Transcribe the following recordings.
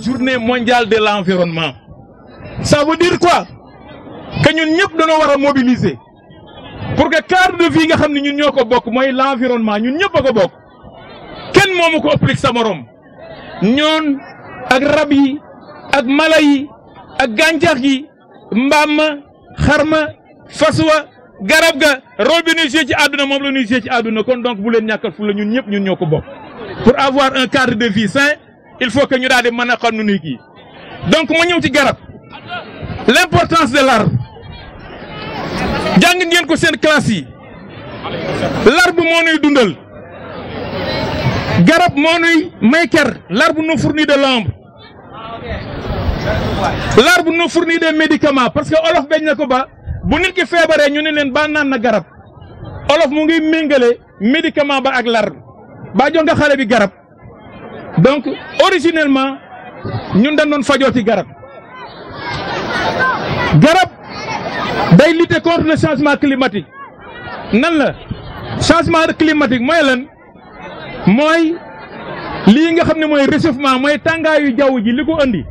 journée mondiale de l'environnement ça veut dire quoi que nous devons dañoo wara mobiliser pour que cadre de vie que nous ne ñun ñoo l'environnement ñun ñëpp a ko bokk kenn moomu ko ëpplik sa morom ñoon ak rab yi ak mala yi garab ga rôle bi ñuy ci aduna mom la ñuy joué ci aduna kon donc bu leen ñakkal fu la ñun ñëpp ñun ñoko bok pour avoir un cadre de vie sain il faut que ñu daal di mën a xam nu ñuy donc ma ñëw ci garab l'importance de l'arbre jàng ngeen ko seen classe yi l'arbre moo nuy dundal garab moo nuy may ker l'arbre nous fournit de l'ombre l'arbre nous fournit des médicaments parce que olof beñ na ko ba bu nit ki feebaree ñu ne leen ba naan na garab olof mu ngi méngale médicament ba ak lar ba jox nga xale bi garab donc originellement ñu dañ doon fajooti garab garab day lutter contre le changement climatique nan la changement climatique mooy lan mooy lii nga xam ne mooy réchauffement mooy tàngaayu jaw ji li ko andi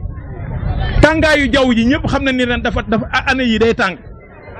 tàngaayu jaw ji ñëpp xam na ni ren dafa dafa année yi day tànk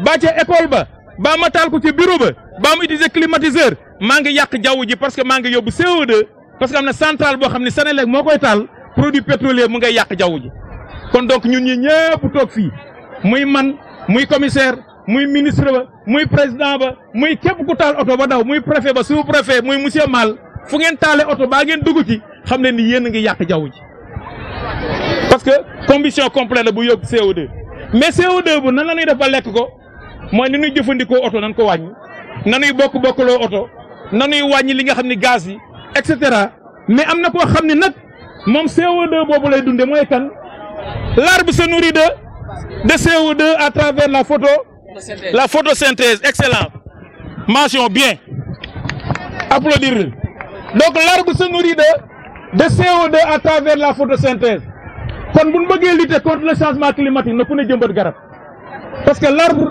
ba ca école ba ba ma tal ko ci bureau ba ba mu utiliser climatiseur ma nga yak jaww ji parce que ma nga yóbbu CO2 parce que amna na centrale boo xam ne Senelec moo koy taal produit pétrolier mu nga yak jaww ji kon donc ñun ñi ñëpp toog fii muy man muy commissaire muy ministre ba muy président ba muy képp ku tal auto ba daw muy préfet ba sous préfet muy monsieur Mal fu ngeen talé auto ba ngeen dugg ci xam ni yeen nga yak yàq jaww ji parce que combustion complète bu yob CO2 mais CO2 bu nan la ñuy def ba lek ko moy ni ñuy jëfandikoo oto nan ko wàññi nanuy bokk lo auto nanuy wàññi li nga xamni gaz yi et mais amna ko xamni nak mom CO2 bobu lay dundé moy kan l'arbre se nourrit de de CO2 à travers la photo la photosynthèse excellent mention bien applaudir donc l'arbre se nourrit de de CO2 à travers la photosynthèse kon on bëggé lutter contre le changement climatique ne ko ne jëmbat garap parce que l'arbre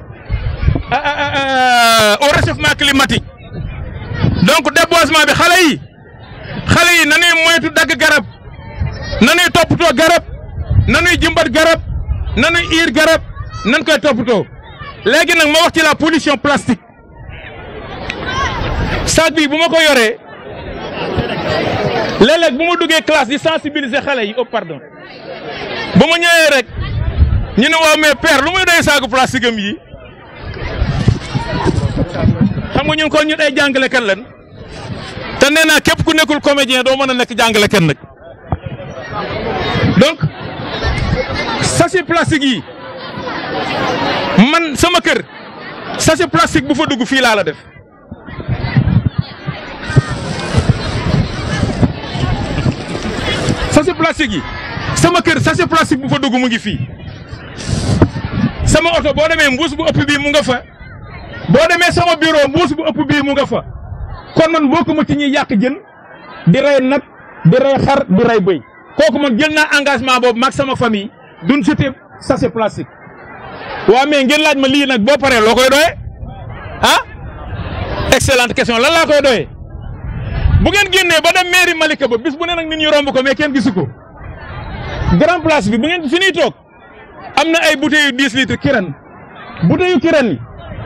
Euh, euh, euh, au réchauffement climatique donc déboisement bi xale yi xale yi nanuy moytu dagg garab nanuy toppatoo garab nanuy jëmbat garab qui iir garab nan koy toppatoo léegi la pollution plastique sac bi bu ko classe di sensibiliser les yi oh pardon ba ma rek ñu père lu plastique xam nga ñun kon ñun ay jàngalekat lañ te nee naa képp ku nekkul comédien doo mën a nekk jàngalekat nag donc sachet plastique yi man sama kër sachet plastique bu fa dugg fii laa la def. sachet yi sama kër sachet bu fa dugg mu ngi fii sama oto boo demee mbuus bu ëpp bii mu nga bo demé sama bureau mbuus bu upp bi mu nga fa kon man bokkuma ci ñi yàq jën di ray nak di ray xar di ray beuy koku man jël na engagement bob mak sama famille duñ jeté c'est plastique wa mé ngeen laaj ma li nak bo paré lokoy doy ha ah? excellente question lan la koy doy bu ngeen genné ba dem mairie Malika ba bis bu né nak nit ñi romb ko mais kenn gisuko grand place bi bu ngeen fini tok amna ay bouteille 10 litres kiran bouteille kiran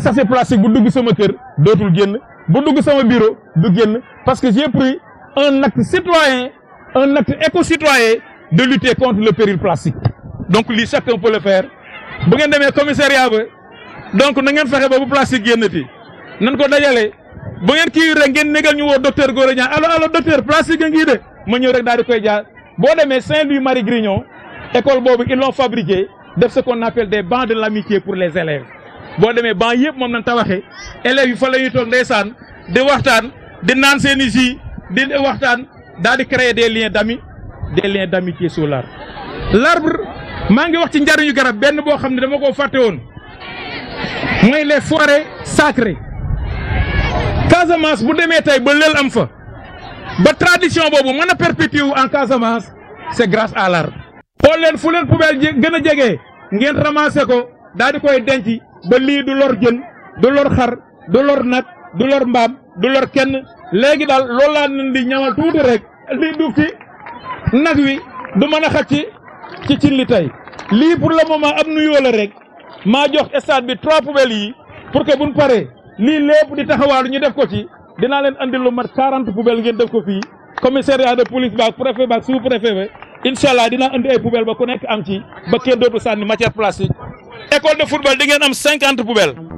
ça plastique bu sama bureau parce que j'ai pris un acte citoyen un acte éco-citoyen de lutter contre le péril plastique donc chacun peut le faire bu ngeen commissariat donc na ngeen ba plastique nan ko dajalé bu négal ñu docteur allo docteur plastique ma rek Saint-Louis Marie Grignon école ils l'ont fabriqué ce qu'on appelle des bancs de l'amitié pour les élèves bo démé ban yépp mom lañ tawaxé élèves yi fa lañuy ñuy ndaysan di waxtaan di nan seen i di waxtaan dal di créer des liens d'amis des liens d'amitié sur l'arbre l'arbre ma ngi wax ci njariñu garab ben bo xamné dama ko faté won mooy les forêts sacrées Casamance bu démé tay ba lël am fa ba tradition bobu mën perpétuer en Casamance c'est grâce à l'arbre xool leen fu leen poubelle gën a ngeen ramasser ko dal di koy denc ba li du lor jeun du lor xar du lor Ken du lor mbam du lor kenn legui dal lol la leen di ñamal tuuti rek li du fi nak wi du mën a ci ci li tay li pour le moment am nuyo la rek ma jox stade bi trois poubelles yi pour que buñ paré li lepp di taxawal ñu def ko ci dina len andi lu mat 40 poubelles ngeen def ko fi commissariat de police ba préfet ba sous préfet ba incha allah andi ay poubelles ba ku nek am ci ba kenn dootu sanni matière plastique école de football di am cinquante poubelles